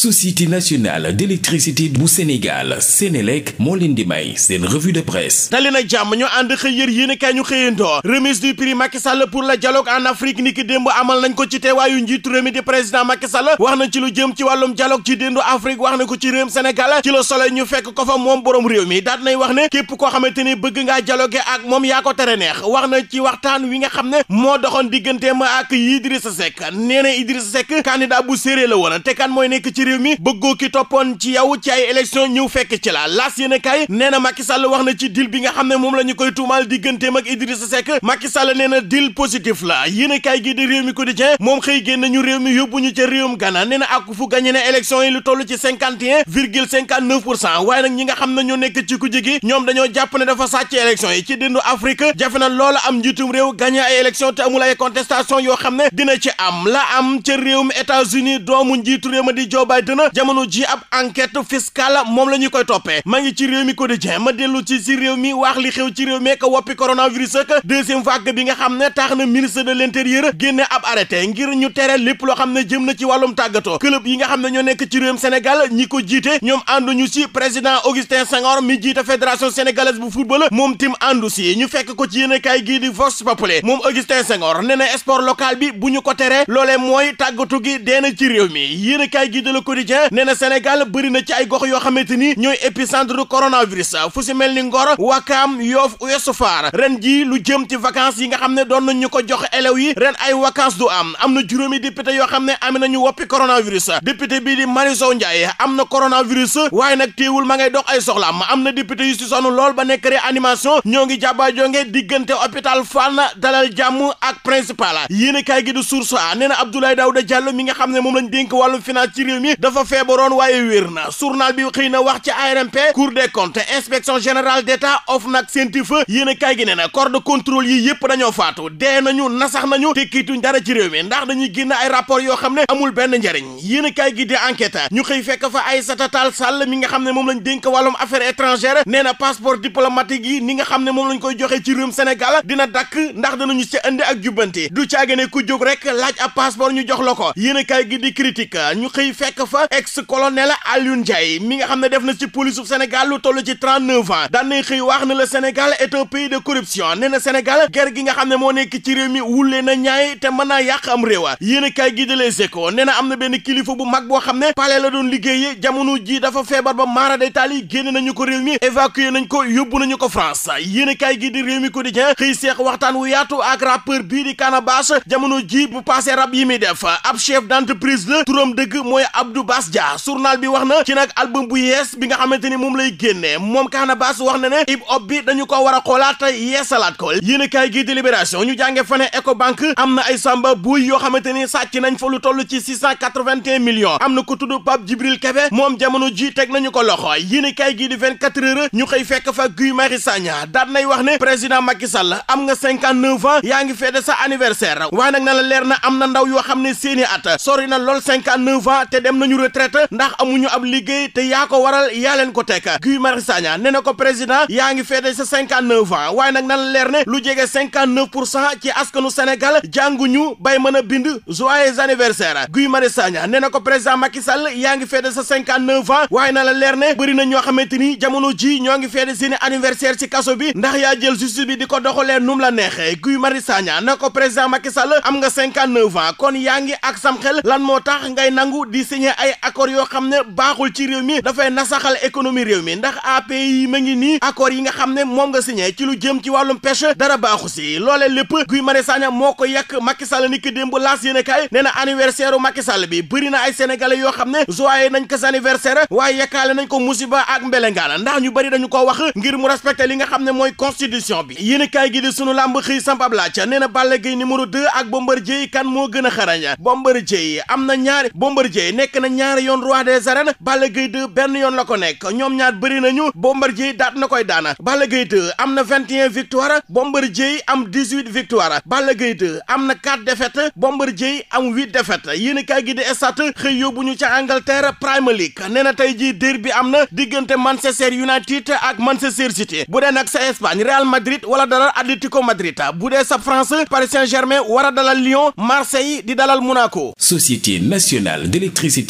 société nationale d'électricité bu Sénégal Sénélec moo leen di may seen revue de presse dali na jàmm ñu ànd xëy yër yéenekaay ñu xëyandoo remise du prix Macky Sall pour le dialogue en Afrique ni ki démb amal nañ ko ci teewaayu njiitu réew di président Macky wax na ci lu jëm ci wàllum dialogue ci déndu Afrique wax na ko ci réewum Sénégal ci la solo ñu fekk ko fa moom boroom réew mi daat nay wax ne képp koo xamante ni bëgg ngaa dialogue ak moom yaa ko tere wi nga xam ne moo doxoon digganteem ak réew mi bëggoo toppoon ci yow ci ay élection ñëw fekk ci la laas yéen a kaay nee wax na ci dil bi nga xam ne moom la koy tuumaal digganteem ak Idrissa Seck Macky Sall nee na dil positif la yéen gi di réew mi quotidien moom xëy génn ñu réew mi yóbbu ñu ca réewum Ghana nee na fu gagné na élection yi lu toll ci waaye nag ñi nga xam ne nekk ci kujje gi ñoom dañoo jàpp ne dafa sàcc élection yi ci dëndu Afrique jafe na loola am njiitum waaye dana jamono ji ab enquête fiscale moom la ñu koy toppee maa ngi ci réew mi quotidien ma dellu ci si réew mi wax xew ci réew mi ak woppi coronavirus ak deuxième vague bi nga xam ne tax na ministre de l'intérieur génne ab arrêté ngir ñu tere lépp loo xam ne jëm na ci wàllum tàggatoo club yi nga xam ne ñoo nekk ci réewum Sénégal ñi ko jiite ñoom ànduñu si président Augustin Senghor mi jiite fédération sénégalaise bu football moom tim àndu si ñu fekk ko ci yéenekaay gii di Vox Populi moom Augustin Senghor nee na sport local bi bu ñu ko teree loolee mooy tàggatu gi dee ci réew mi yéenekaay gii Quotidien nee na Sénégal bëri na ci ay gox yoo xamante ni ñooy épicentre coronavirus fu si mel ni Ngor Wakaam Yoof Ouest Foire ren jii lu jëm ci vacances yi nga xam ne doon nañu ko jox élèves yi ren ay vacances du am am na juróomi député yoo xam ne am nañu woppi coronavirus député bii di Marie Sow Ndiaye am na coronavirus waaye nag téewul ma ngay dox ay soxlaam am na député yu si sonn lool ba nekk réanimation ñoo ngi jàbbaa jonge diggante hôpital Fann dalal jàmm ak principal yéen a kaay gi du source nee na Abdoulaye Daouda Diallo mi xam ne moom lañ dénk wàllu finance ci dafa feebaroon waaye wér na journal bi xëy na wax ci ARMP cour des comptes inspection générale d'État OFNAC CENTIF yéen kay gi nee na corps de contrôle yi yëpp dañoo faatu dee nañu nasax nañu te kiituñ dara ci réew mi ndax dañuy génn ay rapport yoo xam ne amul benn njariñ yéen kay gi di enquête ñu xëy fekk fa ay Tall Sall mi nga xam ne moom lañ dénk wàllum affaires étrangères nee na passeport diplomatique yi ni nga xam ne moom lañ koy joxe ci réewum Sénégal dina dakk ndax danañu ci indi ak jubbanti du caagane ku jóg rek laaj ab passeport ñu jox la ko yéen kay gi di critique ñu xëy fekk fa ex colonel Alioune Ndiaye mi nga xam ne def na ci police su Sénégal lu toll ci trente neuf ans daan nay xëy wax na le Sénégal est un pays de corruption nee na Sénégal ger gi nga xam ne moo nekk ci réew mi wulle na ñaay te mën naa yàq am réewa yéen a kaay gi de Les Échos nee na am na benn kilifa bu mag boo xam ne pale la doon liggéeyee jamono ji dafa feebar ba maara day taal yi génn nañu ko réew mi évacué nañ ko yóbbu nañu ko France yéen a kaay gi di réew mi quotidien xëy seex waxtaan wu yaatu ak rappeur bii di Canabasse jamono ji bu passé rab yi muy def ab chef d'entreprise la turam dëgg mooy Abdou Abdou Bass Dia bi wax na ci nag album bu yees bi nga xamante ni lay génnee moom Kaana Bass wax na ne hip hop bi dañu ko war a xoolaat yeesalaat ko yéen a kaay gi di Libération ñu jànge fane Ecobank am na ay samba buy yoo xamante ni nañ fa lu ci six am na ko tudd Pape Djibril Kebe moom jamono ji teg nañu ko loxo yéen a kaay gi di vingt-quatre ñu xëy fekk fa Guy Marius Sagna daan nay wax ne président Macky am nga cinquante-neuf nañu retraite ndax amuñu ab liggéey te yaa ko waral yaa leen ko teg Guy Marius Sagna nee ko président yaa ngi feete sa cinquante neuf ans waaye nag nan leer ne lu jege cinquante neuf pour cent ci askanu Sénégal jànguñu bay mën a bind joyeux anniversaire Guy Marius Sagna nee na ko président Macky Sall yaa ngi feete sa cinquante neuf waaye na leer ne bëri na ñoo xamante ni jamono ji ñoo ngi feete seen anniversaire ci kaso bi ndax yaa jël justice di ko doxalee num la neexee Guy Marius Sagna na am nga cinquante neuf ans kon yaa signé ay accords yoo xam ne baaxul ci réew mi dafay nasaxal économie réew mi ndax a yi ma ngi nii accords yi nga xam ne moom nga signé ci lu jëm ci wàllum pêche dara baaxu si loolee lépp Guy Marius Sagna moo ko yakk Macky Sall ni ki démb laas yéene kaay nee na anniversaire u Macky Sall bi bëri na ay sénégalais yoo xam ne joyeux nañ ko sa anniversaire waaye yekkaale nañ ko musiba ak mbelengaana ndax ñu bari dañu ko wax ngir mu respecté li nga xam ne mooy constitution bi yéene kaay gi di sunu làmb xëy sampablaaca nee na Balla Gaye numéro 2 ak Bombardier kan moo gën a xarañ Bombardier am na ñaari Bombardier nekk na ñaari yoon roi des arènes Balla Gaye 2 benn yoon la ko nekk ñoom ñaar bëri nañu Bombardier daat na koy daana Balla Gaye 2 am na 21 victoire Bombardier am 18 victoire Balla Gaye 2 am na 4 défaites Bombardier am defet défaites yéenekaay gi di Stades xëy yóbbu ñu ca Angleterre Premier League nee na tey jii derby am na diggante Manchester United ak Manchester City bu dee nag sa Espagne Real Madrid wala dalal Atlético Madrid bu dee sa France Paris Saint-Germain war a dalal Lyon Marseille di dalal Monaco. Société nationale d'électricité